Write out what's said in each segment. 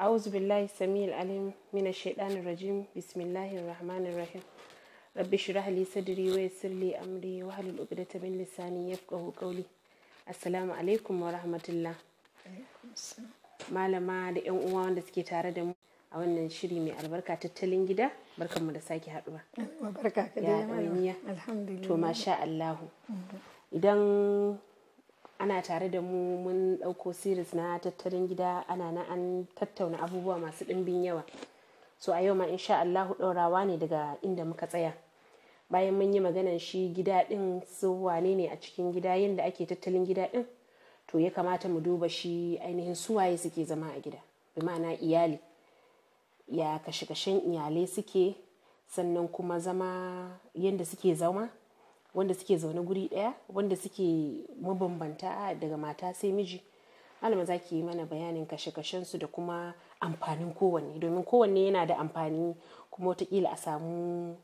أعوذ بالله السميع العليم من الشيطان الرجيم بسم الله الرحمن الرحيم رب اشرح لي صدري ويسر لي أمري واحلل عقدة من لساني يفقه قولي السلام عليكم malama da yan uwa wanda suke tare da mu a wannan shiri mai albarka tattalin gida barkanmu da sake haɗuwa barka ka to masha Allahu idan ana tare da mu mun ɗauko series na tattalin gida ana na an tattauna abubuwa masu ɗimbin yawa so a yau ma insha Allahu ɗaurawa ne daga inda muka tsaya bayan mun yi maganan shi gida ɗin su wane ne a cikin gida yadda ake tattalin gida ɗin to ya kamata mu duba shi ainihin su waye suke zama a gida bi ma'ana iyali ya kashe-kashen iyalai suke sannan kuma zama yadda suke zama wanda suke zaune guri ɗaya wanda suke mabambanta daga mata sai miji alama za ki yi mana bayanin kashe-kashen su da kuma amfanin kowanne domin kowanne yana da amfani kuma watakila a samu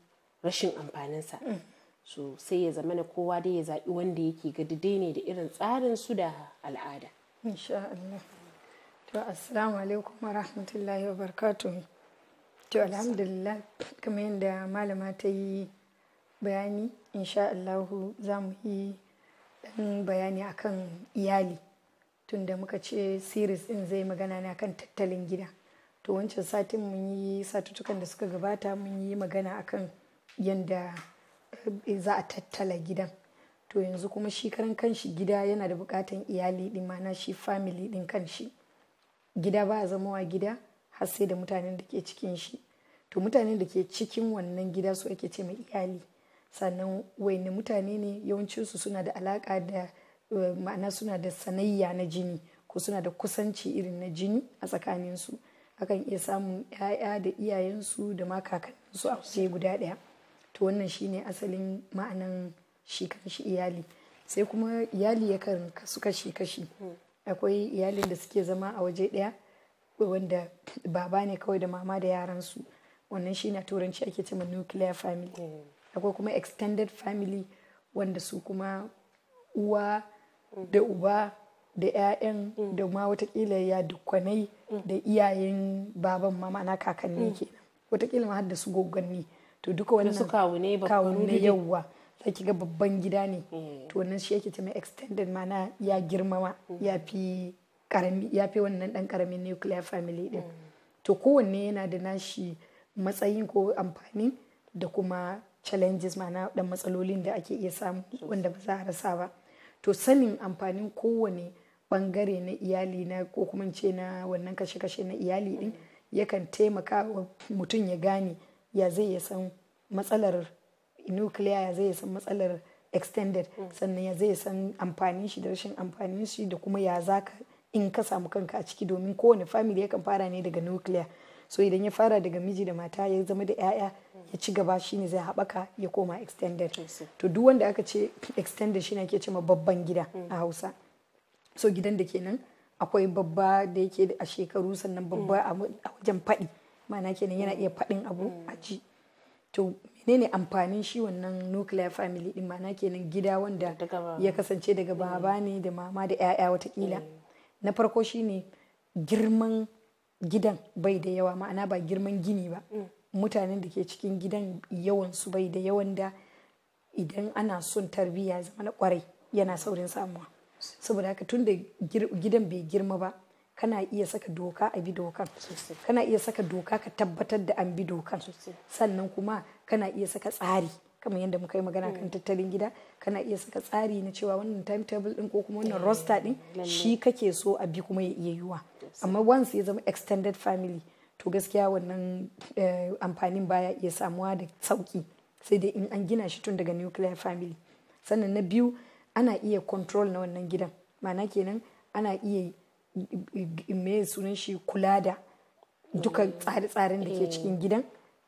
rashin amfaninsa mm. so sai ya zama na kowa dai ya zaɓi wanda yake ga ne da irin tsarin su da al'ada insha Allah to assalamu alaikum wa rahmatullahi wa to alhamdulillah kamar yadda malama ta yi bayani insha Allahu za mu yi ɗan bayani akan iyali tunda muka ce series ɗin zai magana ne akan tattalin gida to wancan satin mun yi satuttukan da suka gabata mun yi magana akan yadda eh, za a tattala gidan to yanzu kuma shi karan kanshi gida yana da bukatan iyali ɗin mana shi family ɗin kanshi gida ba a wa gida har sai da mutanen da ke cikin shi to mutanen da ke cikin wannan gida su ake ce mai iyali sannan wayanne mutane ne yawancinsu suna da alaka da eh, ma'ana suna da sanayya na jini ko suna da kusanci irin na jini a tsakaninsu akan iya samun 'ya'ya da iyayensu da ma kakanninsu a waje guda ɗaya to wannan shine asalin ma'anan shi kanshi iyali sai kuma iyali yakan kasu kashi-kashi akwai iyalin da suke zama a waje ɗaya wanda baba ne kawai da mama da yaransu wannan shi na turanci ake cewa nuclear family mm. akwai kuma extended family wanda su kuma uwa da uba da 'ya'yan mm. da ma watakila ya dukkanai mm. da iyayen baban mama na kakanni mm. ke. watakila ma har da su goganni to duka wannan kawune kawune yawwa za ki ga babban gida ne to wannan shi yake mai extended mana ya girmama ya fi karami ya fi wannan dan karamin nuclear family din to kowanne yana da nashi matsayin ko amfani da kuma challenges ma'ana dan matsalolin da ake iya samu wanda ba za a rasa ba to sanin amfanin kowane bangare na iyali na ko kuma ce na wannan kashe-kashe na iyali din yakan taimaka wa mutum ya gane ya zai ya san matsalar nuclear ya zai ya san matsalar extended mm. sannan ya zai ya san amfanin shi da rashin amfanin shi da kuma ya za ka in ka samu kanka a ciki domin kowane family yakan fara ne daga nuclear so idan ya fara daga miji da mata ya zama da 'ya'ya ya ci gaba shi ne zai haɓaka ya koma extended to duk wanda aka ce extended shine ke cewa babban gida mm. a hausa so gidan da kenan akwai babba da yake a shekaru sannan babba mm. a wajen faɗi ma'ana kenan yana mm. iya faɗin abu a ji to menene amfanin shi wannan nuclear family din ma'ana kenan gida wanda ya kasance daga baba ne da mama da 'ya'ya watakila na farko shine girman gidan bai da yawa ma'ana ba girman gini ba mutanen da ke cikin gidan yawan su bai da yawan da idan ana son tarbiyya zama na kwarai yana saurin samuwa saboda haka tun da gidan bai girma ba kana iya saka doka a bi dokan kana iya saka doka ka tabbatar da an bi dokan sannan kuma kana iya saka tsari kamar yadda muka yi magana kan hmm. tattalin gida kana iya saka tsari na cewa wannan timetable din ko kuma wannan eh, roster din shi kake so a bi kuma ya iya yiwa amma once ya zama extended family to gaskiya wannan eh, amfanin baya iya samuwa da sauki sai dai in an gina shi tun daga nuclear family sannan na biyu ana iya control na wannan gidan Mana kenan ana iya me sunan shi kula da duka mm. tsare-tsaren da ke cikin eh. gidan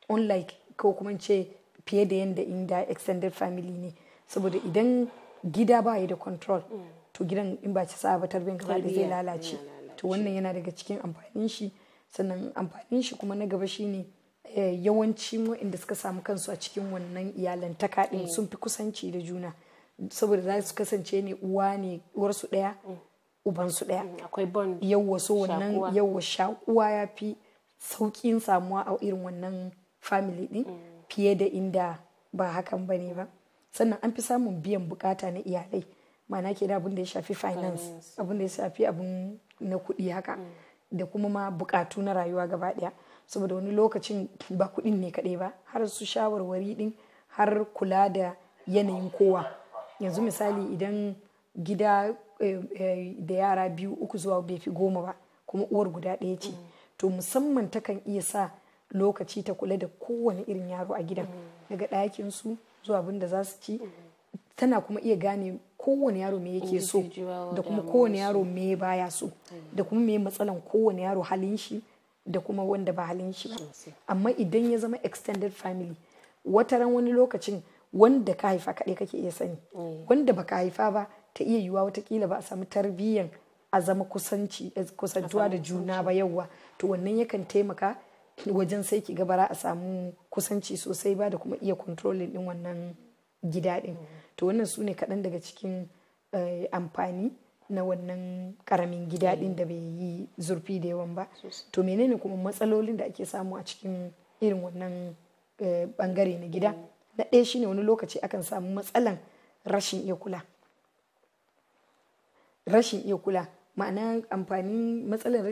unlike ko kuma ce fiye da yadda inda extended family ne saboda idan gida ba da control mm. to gidan in ba ci sa'a ba tarbin gaba da zai lalace to wannan yana daga cikin amfanin shi sannan amfanin shi kuma na gaba shine eh, yawancin waɗanda suka samu kansu a cikin wannan iyalan ta kaɗin mm. sun fi kusanci da juna saboda za su kasance ne uwa ne uwarsu ɗaya mm. ubansu ɗaya mm, yawwa so wannan yawwa shakuwa ya fi sauƙin samuwa a irin wannan family ɗin fiye da inda ba hakan ba ne ba sannan an fi samun biyan bukata na iyalai ma'ana ke da abin da ya shafi finance abin da ya shafi abin na kuɗi haka da kuma ma bukatu na rayuwa gaba daya saboda wani lokacin ba kuɗin ne kadai ba har su shawarwari din har kula da yanayin kowa yanzu misali idan gida eh, eh, da yara biyu uku zuwa bai fi goma ba kuma uwar guda ɗaya ce to musamman ta kan iya sa lokaci ta kula da kowane irin yaro a gidan mm. daga ɗakinsu zuwa abin da za su ci tana kuma iya gane kowane yaro me yake so da kuma kowane yaro me baya so da kuma me matsalan kowane yaro halin shi da kuma wanda ba halin shi ba amma idan ya zama extended family wata ran wani lokacin wanda ka haifa kaɗai kake iya sani wanda ba ka haifa ba ta iya yiwuwa watakila ba a samu tarbiyyan a zama kusanci eh, kusantuwa da juna ba yawa to wannan yakan taimaka wajen sai ki gabara a samu kusanci sosai ba da kuma iya controlling din wannan gida ɗin to wannan su ne kaɗan daga cikin eh, amfani na wannan ƙaramin gida ɗin da bai yi zurfi da yawan ba to menene kuma matsalolin da ake samu a cikin irin wannan eh, ɓangare na gida mm. na ɗaya shine wani lokaci akan samu matsalan rashin iya kula ma'ana amfanin matsalar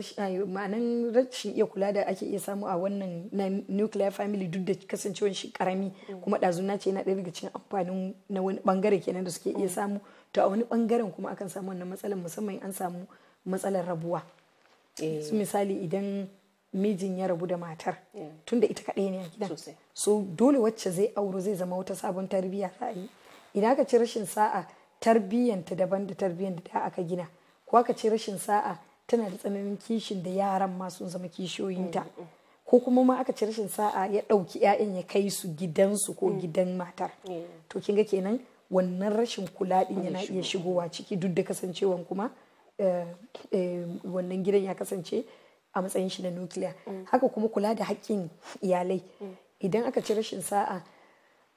ma'anan rashin iya kula da ake iya samu a wannan na nuclear family duk da kasancewar shi karami mm. kuma ɗazuna ce yana ɗaya daga cikin amfanin na wani bangare kenan da suke iya mm. samu to a wani bangaren kuma akan samu wannan matsalar musamman an samu matsalar rabuwa eh. su misali idan mijin ya rabu da matar mm. tunda ita kaɗai ne a gidan so dole wacce zai auro zai zama wata sabon tarbiyya za a yi idan aka ci rashin sa'a tarbiyyanta daban da tarbiyyanta da aka gina waka ce rashin sa'a tana da tsananin kishin da yaran ma sun zama kishiyoyinta mm, mm, mm. ko kuma ma aka ci rashin sa'a ya ɗauki 'ya'yan ya kai su gidansu ko gidan matar to kinga kenan wannan rashin kula din yana iya shigowa ciki duk da kasancewan kuma eh, eh, wannan gidan ya kasance a matsayin shi na nukiliya haka kuma kula da haƙƙin iyalai idan aka ci rashin sa'a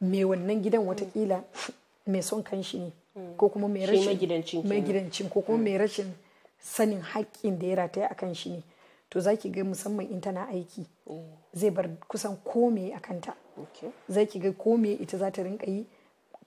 mai wannan gidan watakila mai son kanshi ne ko kuma mai rashin magidancin ko kuma mm. mai rashin sanin haƙƙin da ya rataya a kan shi ne to za ki ga musamman in tana aiki mm. zai bar kusan kome a kanta za ki ga kome ita za ta rinka yi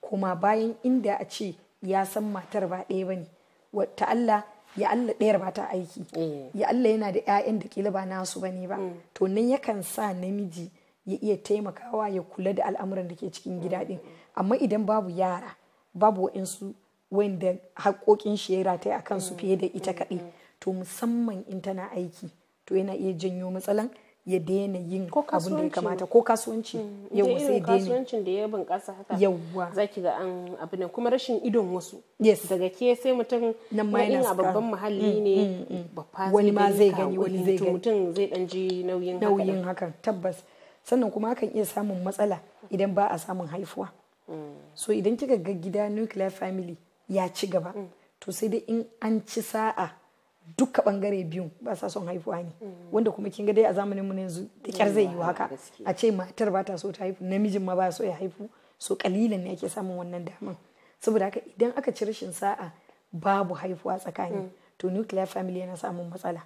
kuma bayan inda a ce ya san matar ba ɗaya ba ne wata Allah ya Allah ɗayar ba ta aiki mm. ya Allah yana da 'ya'yan da kila ba nasu ba ne ba to nan yakan sa namiji ya iya taimakawa ya kula da al'amuran da ke cikin gida ɗin amma idan babu yara babu wa'insu wanda haƙoƙin shi ya yi a kansu fiye da ita kaɗai to musamman in tana aiki to yana iya janyo matsalan ya daina yin abin da ya kamata ko kasuwanci mm. yau sai daina kasuwancin da ya bunƙasa haka yawa zaki ga an abu ne kuma rashin idon wasu yes daga ke sai mutum nan ma yana a babban muhalli mm, ne mm, wani ma zai gani wani zai gani mutum zai dan ji nauyin hakan tabbas sannan kuma akan iya samun matsala idan ba a samun haifuwa so idan kika ga gida nuclear family ya ci gaba mm. to sai dai in an ci sa'a duka bangare biyun ba sa son haifuwa ne mm. wanda kuma kin ga dai a zamanin mu yanzu da kyar zai yi haka a ce matar ba ta so ta haifu namijin ma ba so ya haifu so kalilan ne ake samun wannan daman saboda haka idan aka ci rashin sa'a babu haifuwa tsakani mm. to nuclear family yana samun matsala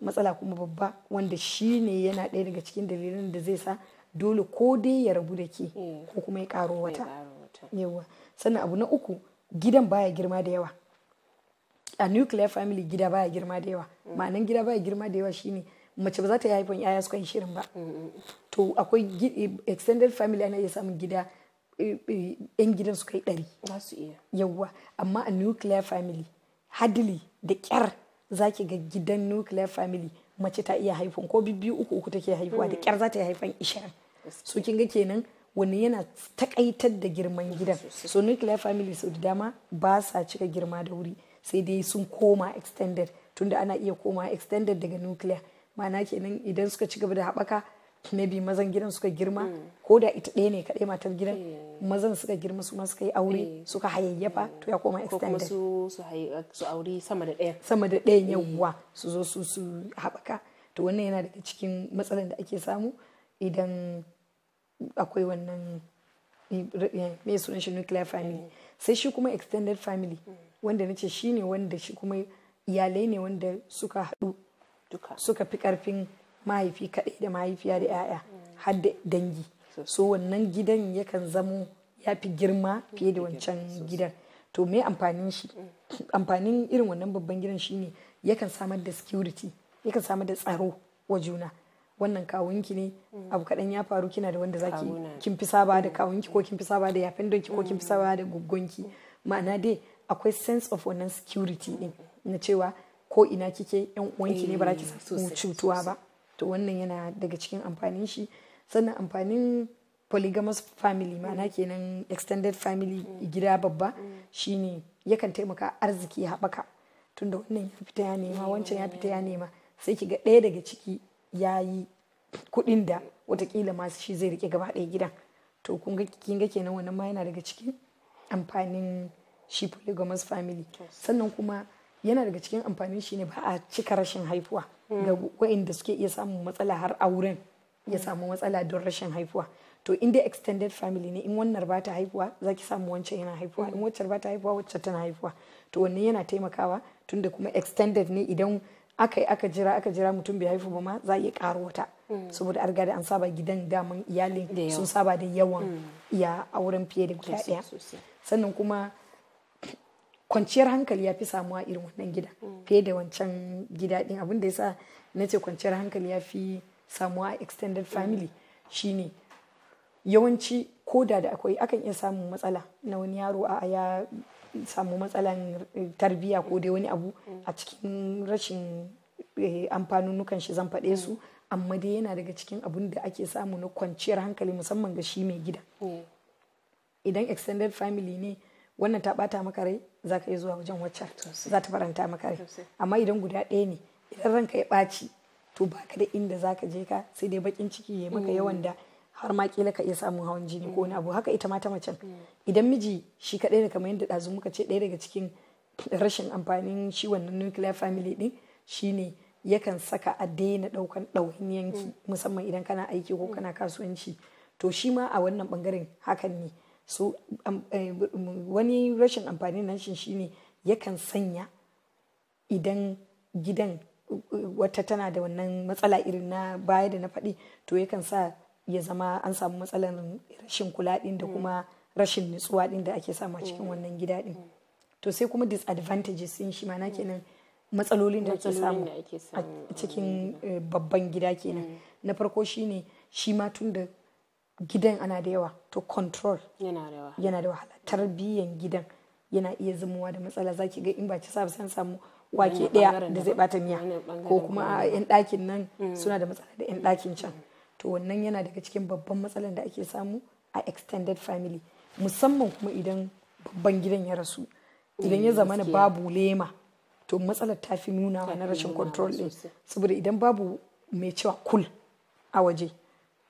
matsala kuma babba wanda shi ne yana ɗaya daga cikin dalilin da zai sa dole ko dai ya rabu da ke ko kuma ya karo wata yawa sannan abu na uku gidan baya girma da yawa a nuclear family gida baya girma da yawa ma'anan gida baya girma da yawa shine mace ba za ta yi haifan yaya su shirin ba to akwai eh, extended family ana iya samun gida yan eh, eh, gidan su kai ɗari yawa amma a nuclear family hadili da kyar za ki ga gidan nuclear family mace ta iya haifan ko biyu uku uku take haifuwa da kyar mm. za ta yi haifan ishirin so kin ga kenan wani yana takaitar da girman gidan so nuclear family sau da dama ba sa cika girma da wuri sai dai sun koma extended tunda ana iya koma extended daga nuclear ma'ana kenan idan suka ci gaba da haɓaka maybe mazan gidan suka girma mm. ko da ita ɗaya ne kaɗai matar gidan eh. mazan suka girma su suka yi aure eh. suka hayayyafa eh. to ya koma extended ko kuma su aure sama da ɗaya sama da ɗaya yawwa su zo su haɓaka to wannan yana daga cikin matsalar da ake samu idan akwai wannan me sunan shi nuclear family sai shi kuma extended family wanda na ce shi ne wanda shi kuma iyalai ne wanda suka haɗu suka fi ƙarfin mahaifi kaɗai da mahaifiya da 'ya'ya har da dangi so wannan gidan yakan zamo ya fi girma fiye da wancan gidan to me amfanin shi amfanin irin wannan babban gidan shine yakan samar da security yakan samar da tsaro wa juna wannan kawunki ne mm. abu kaɗan ya faru kina da wanda zaki kin fi saba da mm. kawunki ko kin fi saba da yafin donki ko kin fi saba da guggonki mm. ma'ana dai akwai sense of wannan security din na cewa ko ina kike yan uwanki ne ba za ki eh, samu cutuwa ba to wannan yana daga cikin amfanin shi sannan amfanin polygamous family ma'ana kenan extended family gida babba shine yakan taimaka arziki ya haɓaka tunda wannan ya fita ya nema eh, wancan ya fita ya eh. nema sai ki ga ɗaya daga ciki ya yi kuɗin da watakila masu shi zai rike gaba ɗaya gidan to kun ga kin ga kenan wannan ma yana daga cikin amfanin shi polygamous family sannan kuma yana daga cikin amfanin shi ne ba a cika rashin haifuwa ga mm. waɗanda suke iya samun matsala har auren ya samu matsala don rashin haifuwa to in dai extended family ne in wannan ba ta haifuwa za samu wancan yana haifuwa mm. in wancan ba ta haifuwa wancan tana haifuwa to wannan yana taimakawa tunda kuma extended ne idan aka yi aka jira aka jira mutum bai haifu ba ma za a iya ƙaro wata mm. saboda an riga da an saba gidan daman iyali sun saba da yawan mm. iya auren fiye da guda ɗaya sannan kuma kwanciyar hankali ya fi samuwa irin wannan gida mm. fiye da wancan gida ɗin abin da yasa na ce kwanciyar hankali ya fi samuwa a extended family shine yawanci koda da akwai akan iya samun matsala na wani yaro a ya samu matsalan tarbiyya ko dai wani abu a cikin rashin eh, amfanunukan shi zan faɗe su amma dai yana daga cikin abun da ake samu na kwanciyar hankali musamman ga shi mai gida mm. idan extended family ne wannan ta bata maka rai za ka yi zuwa wajen wacce. za ta faranta maka rai amma idan guda ɗaya ne idan ranka ya ɓaci to baka da inda za ka je ka sai dai bakin ciki ya maka mm. yawan da har ma kila ka iya samun hawan jini ko wani abu haka ita ma ta macen idan miji shi kaɗai ne kamar yadda dazu muka ce ɗaya daga cikin rashin amfanin shi wannan nuclear family ɗin shine yakan saka a daina ɗaukan yanki musamman idan kana aiki ko kana kasuwanci to shi ma a wannan ɓangaren hakan ne so eh, wani rashin amfani nan shi shine yakan sanya idan gidan eh, wata tana da wannan matsala irin na baya da na faɗi to yakan sa ya zama an samu matsalar rashin kula din da mm. kuma rashin nutsuwa din da ake samu a cikin mm. wannan gida din mm. to sai kuma disadvantages din shi mana kenan matsalolin da ake samu a cikin eh, babban gida kenan na farko shine shi ma tun da gidan ana da yawa to control yana da wahala tarbiyyan gidan yana iya zamowa da matsala zaki ga in ba ki sabu san samu wake daya da zai bata miya ko kuma yan ɗakin nan suna da matsala da yan ɗakin can to wannan yana daga cikin babban matsalar da ake samu a extended family musamman kuma idan babban gidan ya rasu idan ya eh, zamana babu lema to matsalar ta fi nuna na rashin control din saboda idan babu mai cewa kul a waje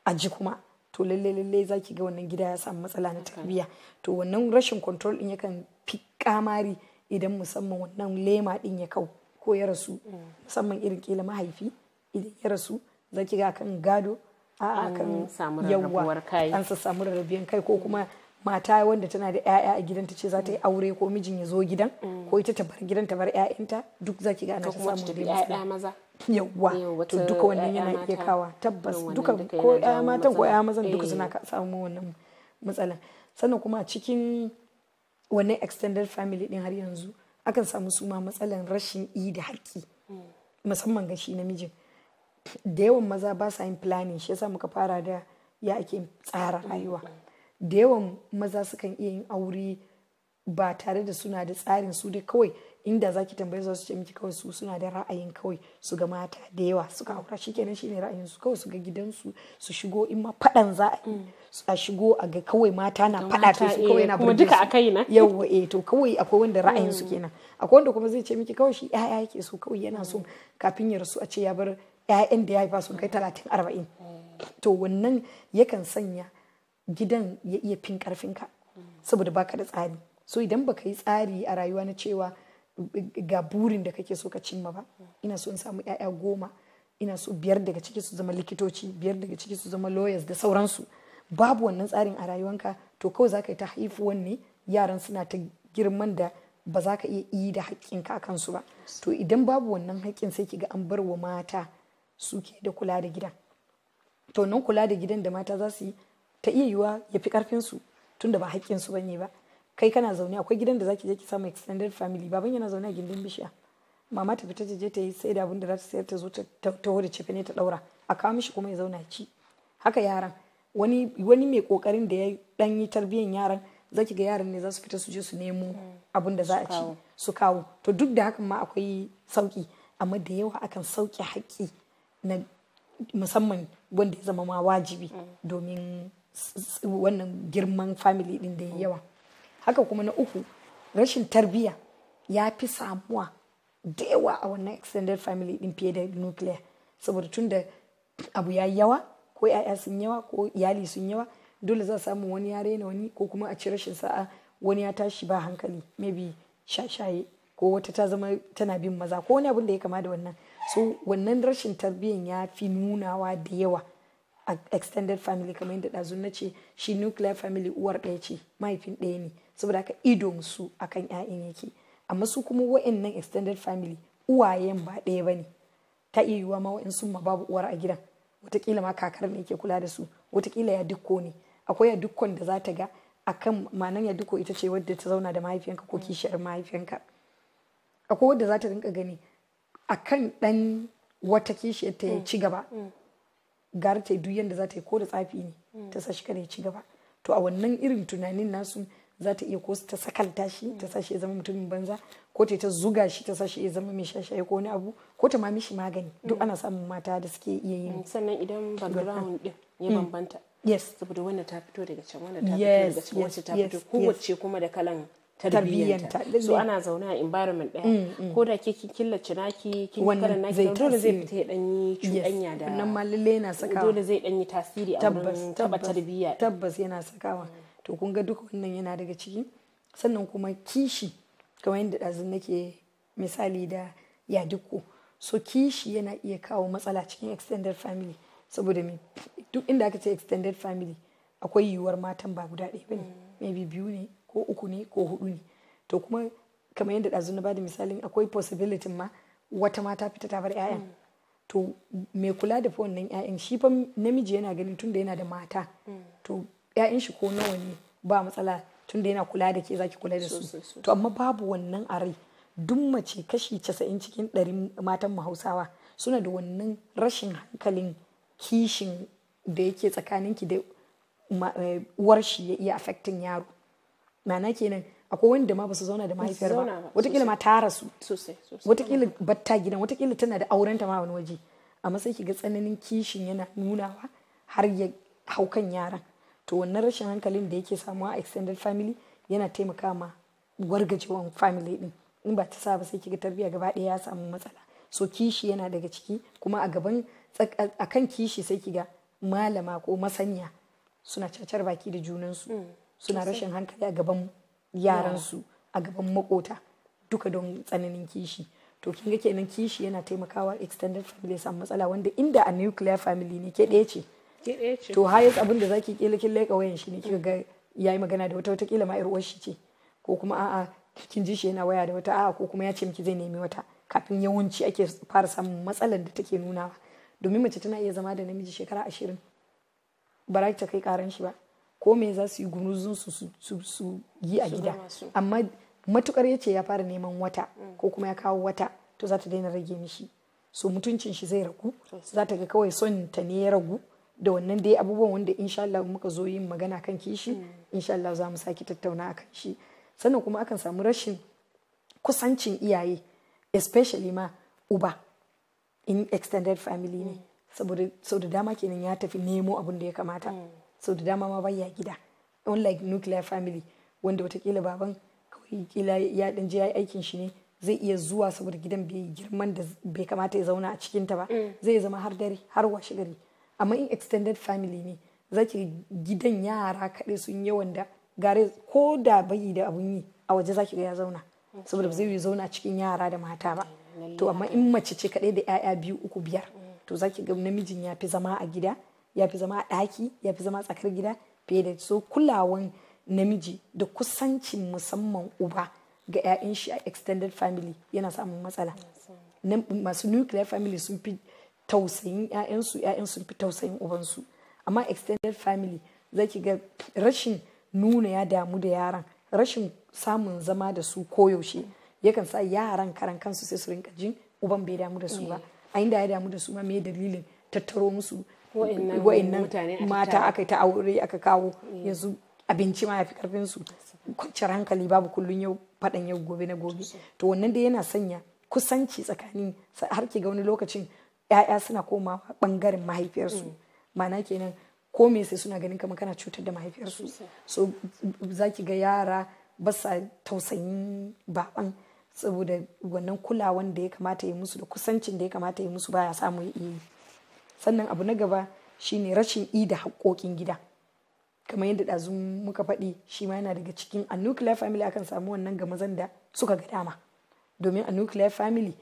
a ji kuma to lalle lalle za ki ga wannan gida ya samu matsala na tarbiyya to wannan rashin control din yakan fi kamari idan musamman wannan lema din ya kau ko ya rasu mm. musamman irin kila mahaifi idan ya rasu za ki ga kan gado an samu rarrabuwar kai an samu rarrabiyan kai ko kuma mata wanda tana da 'ya'ya a gidanta ce za ta yi aure ko mijin ya zo gidan mm. ko ita ta bar gidan ta bar 'ya'yanta duk za ki ga ana ta samun da maza yawwa to duka wannan yana iya kawa tabbas duka ko 'ya'ya matan ko 'ya'ya mazan duka eh. suna samun wannan matsalan sannan kuma cikin wannan extended family din har yanzu akan samu suma matsalan rashin i da haƙƙi mm. musamman ga shi namijin da yawan maza ba sa yin planning shi yasa muka fara da ya ake tsara rayuwa da yawan maza sukan iya yin aure ba tare da suna da tsarin su dai kawai inda zaki tambaye za su ce miki kawai su suna da ra'ayin kawai su ga mata da yawa suka aura shikenan shine ra'ayin su kawai su ga gidansu su shigo in ma fadan za a yi a shigo a ga kawai mata na fada to su kawai eh, na burge duka akai na yawa eh to kawai akwai wanda ra'ayin su mm. kenan akwai wanda kuma zai ce miki kawai shi yaya yake so kawai yana so mm. kafin ya rasu a ce ya bar 'ya'yan da ya haifa sun kai talatin arba'in to wannan yakan sanya gidan ya iya fin karfinka saboda baka da tsari so idan baka yi tsari a rayuwa na cewa ga burin da kake so ka cimma ba ina so in samu 'ya'ya goma ina so biyar daga ciki su zama likitoci biyar daga ciki su zama lawyers da sauransu babu wannan tsarin a rayuwanka to kawai za ka yi ta haifuwan ne yaran suna ta girman da ba za ka iya yi da haƙƙinka a kansu ba to idan babu wannan haƙƙin sai ki ga an bar wa mata suke da kula da gidan to nan kula da gidan da mata za su yi ta iya yiwa ya fi karfin su da ba haƙƙin su bane ba kai kana zaune akwai gidan da zaki je ki samu extended family baban yana zaune a gindin bishiya mama ta fita ta je ta yi sai da abin da za ta sayar ta zo ta taho da cefe ne ta ɗaura a kawo mishi kuma ya zauna ci haka yaran wani mai kokarin da ya dan yi tarbiyyan yaran zaki ga yaran ne za su fita su je su nemo abun da za a ci su kawo to duk da hakan ma akwai sauƙi amma da yawa akan sauke haƙƙi na musamman wanda ya zama ma wajibi domin wannan girman family din da yawa haka kuma na uku rashin tarbiya ya fi samuwa da yawa a wannan extended family din fiye da nuclear saboda tun da abu ya yawa ko ya'ya sun yawa ko iyali sun yawa dole za samu wani ya raina wani ko kuma a ci rashin sa'a wani ya tashi ba hankali maybe shashaye ko wata ta zama tana bin maza ko wani abin da ya kama da wannan so wannan rashin tarbiyyan ya fi nunawa da yawa a extended family kamar yadda ɗazu na ce shi nuclear family uwar ɗaya ce mahaifin ɗaya ne saboda haka i'do su akan 'ya'yan yake amma su kuma wa'annan extended family uwayen ba ɗaya ba ne ta iya yiwuwa ma sun ma babu uwar a gidan watakila ma kakar ne ke kula da su watakila ya dukko ne akwai ya dukkon da za ta ga akan manan ya dukko ita ce wadda ta zauna da mahaifiyanka ko kishiyar mahaifiyanka akwai wadda za ta rinka gani a kan ɗan wata kishi ta ya mm. ci gaba mm. gara ta yi duk yadda za ta yi ko da tsafi ne mm. ta sa shi kada ya ci gaba to a wannan irin tunanin nasu za ta iya ko ta sakalta shi ta sa shi ya zama mutumin banza ko ta ta zuga shi ta sa shi ya zama mai shashaye ko wani abu ko ta ma mishi magani duk ana samun mata da suke iya yin sannan idan background din ya bambanta yes saboda wanda ta fito daga can Wanda ta fito daga can wacce ta fito kowace kuma da kalan ta so ana zaune a environment ɗaya mm, mm. ko da ke kin killace naki kin yi karan naki dole zai fita ya yi cuɗanya da nan ma lalle yana sakawa dole zai dan yi tasiri a wurin taba tarbiyya tabbas yana sakawa to kun ga duk wannan yana daga ciki sannan kuma kishi kamar yadda ɗazun nake misali da ya dukko so kishi yana iya kawo matsala cikin extended family saboda me duk inda aka ce extended family akwai yiwuwar matan ba guda ɗaya bane mm. maybe biyu ne ko uku ne ko hudu ne to kuma kamar yadda ɗazu na bada misalin akwai possibility ma wata mata fita ta bar 'ya'yan mm. to mai kula da wannan 'ya'yan shi fa namiji yana ganin tunda yana da mata mm. to 'ya'yan shi ko nawa ne ba matsala tunda yana kula da ke zaki kula da su to amma babu wannan a duk mace kashi casa'in cikin ɗari matan mu hausawa suna da wannan rashin hankalin kishin da yake tsakaninki da eh, uwar shi ya iya affecting yaro Mana kenan akwai wanda ma su zauna da mahaifiyar ba watakila ma ta rasu watakila batta gidan watakila tana da auren ta ma wani waje amma sai kiga tsananin kishin yana nunawa har ya hau kan yaran to wannan rashin hankalin da yake samuwa a extended family yana taimaka ma wargajewan family din in ba ta ba sai kiga tarbiyya gaba ɗaya ya samu matsala so kishi yana daga ciki kuma a gaban akan kishi sai kiga malama ko masaniya suna cacar baki da junansu mm. suna rashin hankali a gaban yaransu a gaban makota duka don tsananin kishi to kin ga kenan kishi yana taimakawa extended family ya samu matsala wanda inda a nuclear family ne ke ɗaya ce to hayas abin da zaki kila kin leka wayan shi ne kika ga yayi magana da wata wata kila ma yar uwar shi ce ko kuma a'a kin ji shi yana waya da wata a'a ko kuma ya ce miki zai nemi wata kafin yawanci ake fara samun matsalar da take nunawa domin mace tana iya zama da namiji shekara ashirin ba za ta kai karan shi ba ko me za su yi gunuzun su yi a gida amma matukar ce ya fara neman wata mm. ko kuma ya kawo wata to za ta daina rage mishi so mutuncin shi zai ragu za ta ga kawai son ta ne ya ragu da wannan dai abubuwan wanda insha Allah muka zo yin magana kan kishi mm. insha Allah za mu sake tattauna akan shi sannan kuma akan samu rashin kusancin iyaye especially ma uba in extended family ne mm. saboda dama kenan ya tafi nemo abin da ya kamata sau da dama ma baya gida unlike nuclear family wanda wata watakila baban kawai kila ya dan je aikin shi ne zai iya zuwa saboda gidan bai girman da bai kamata ya zauna a cikinta ba mm. zai zama har dare har washe gari amma in extended family ne zaki gidan yara kaɗai sun yi wanda. gare ko da bai da abun yi a waje zaki ga ya zauna saboda zai yi zauna cikin yara da mata ba to amma in mace ce kaɗai da 'ya'ya biyu uku biyar mm. to zaki ga namijin ya fi zama a gida ya fi zama a ɗaki ya fi zama tsakar gida fiye da so kulawan namiji da kusancin musamman uba ga 'ya'yan shi a extended family yana samun matsala masu nuclear family sun fi tausayin 'ya'yansu 'ya'yan sun fi tausayin ubansu amma extended family zaki ga rashin nuna ya damu da yaran rashin samun zama da su koyaushe yakan sa yaran karan kansu sai su rinka jin uban bai damu da su ba eh. a inda ya damu da su ma me dalilin tattaro musu wa'annan mata aka yi ta aure aka kawo yanzu abinci ma ya fi karfin su kwanciyar hankali babu kullun yau faɗan yau gobe na gobe to wannan da yana sanya kusanci tsakani har ki ga wani lokacin ya'ya suna komawa bangaren mahaifiyarsu mana mm. kenan ko me sai suna ganin kamar kana cutar da mahaifiyarsu so za ki ga yara ba sa tausayin baban saboda wannan kulawan da ya kamata ya musu da kusancin da ya kamata ya musu baya samu ya iya yi sannan abu na gaba shine rashin i da haƙoƙin gida kamar yadda ɗazu muka faɗi shi ma yana daga cikin a nuclear family akan samu wannan ga mazan da suka ga dama domin a nuclear family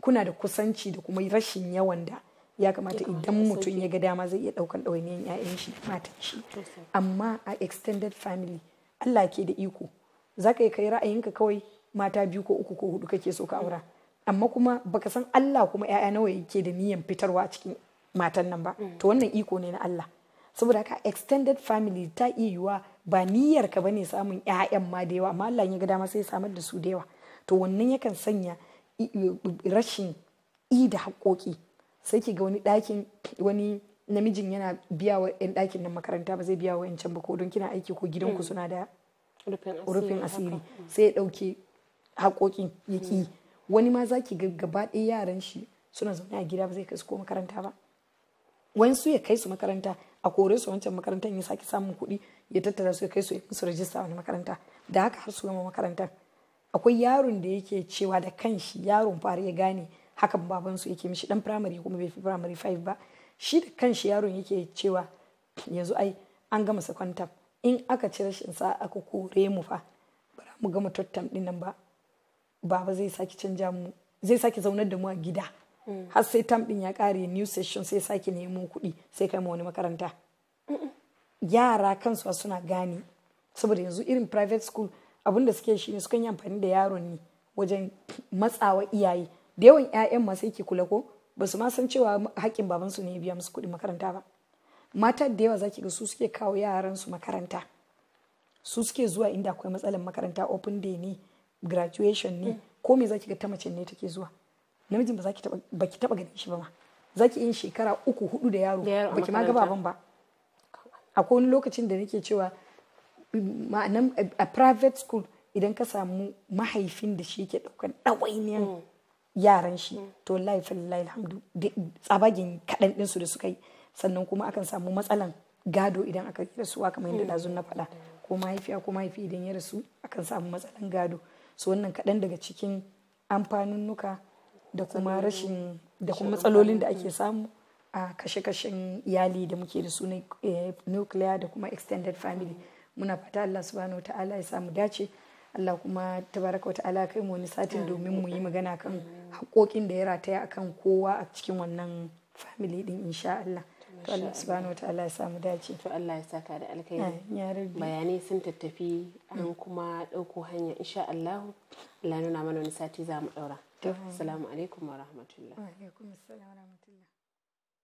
kuna da kusanci da kuma rashin yawan da ya kamata idan mutum ya ga dama zai iya ɗaukan ɗawainiyan 'ya'yan shi da matan shi amma a extended family Allah ke da iko za ka yi kai ra'ayinka kawai mata biyu ko uku ko hudu kake so ka aura amma kuma baka san Allah kuma 'ya'ya nawa yake da niyan fitarwa a cikin matan nan ba mm. to wannan iko ne na Allah saboda haka extended family ta iya yiwa ba niyyar ka bane samun ƴaƴan ma da yawa amma Allah ya ga dama sai samar da su da yawa to wannan yakan sanya rashin i da haƙoƙi sai ki ga wani ɗakin wani namijin yana biya wa 'yan ɗakin nan makaranta ba zai biya wa 'yancan ba ko don kina aiki ko ku mm. suna da rufin asiri sai ya ɗauke haƙoƙin ya mm. wani ma zaki ga gaba ɗaya yaran shi suna zaune a gida ba zai kai su ko makaranta ba wayansu ya kai su makaranta a kore su wancan makarantar ya sake samun kuɗi ya tattara su ya kai su ya musu rajista wani makaranta da haka har su gama makarantar akwai yaron da yake cewa da kanshi yaron fara ya gane hakan babansu yake mishi dan firamare kuma bai fi firamare 5 ba shi da kanshi yaron yake cewa yanzu ai an gama sakwantam in aka ci rashin sa aka kore mu fa ba mu gama tattam dinnan ba baba zai sake canja mu zai sake zaunar da mu a gida Mm. har sai ɗin ya kare new session sai sake nemo kuɗi sai kai ma wani makaranta yara kansu suna gane saboda yanzu irin private school abinda suke shi ne sukan yi amfani da yaron ne wajen matsawa iyaye da yawan 'ya'yan masu yake kula ko ba su ma san cewa haƙƙin babansu ne ya biya musu kuɗin makaranta ba mata da yawa zaki ga su suke kawo yaransu makaranta su suke zuwa inda akwai matsalar makaranta open day ne graduation ne mm. ko me zaki ga ta mace ne take zuwa namijin ba za ki taba ba taba ganin shi ba ma za ki yin shekara uku hudu da yaro ba ki ma ga baban ba akwai wani lokacin da nake cewa ma'anan a private school idan ka samu mahaifin da shi ke daukan ɗawainiyan mm. yaran shi mm. to laifin alhamdu tsabagen kaɗan su da suka yi sannan kuma akan samu matsalan gado idan aka yi rasuwa kamar yadda dazun mm. na faɗa ko mahaifiya ko mahaifi idan ya rasu akan samu matsalan gado so wannan kaɗan daga cikin amfanin nuka da kuma rashin da kuma matsalolin da ake samu a kashe-kashen iyali da muke da su eh, nuclear da kuma extended family muna fata Allah subhanahu ta'ala ya samu dace Allah kuma tabaraka ta'ala kai mu wani satin domin mu yi magana kan haƙoƙin da ya rataya akan kowa a cikin wannan family din insha Allah to Allah subhanahu ta'ala ya samu dace to Allah ya saka da alkhairi bayanai sun tattafi an mm. kuma ɗauko hanya insha Allah Allah nuna mana wani sati za mu ɗaura to assalamu alaikum wa rahmatullah wa alaikum rahmatullah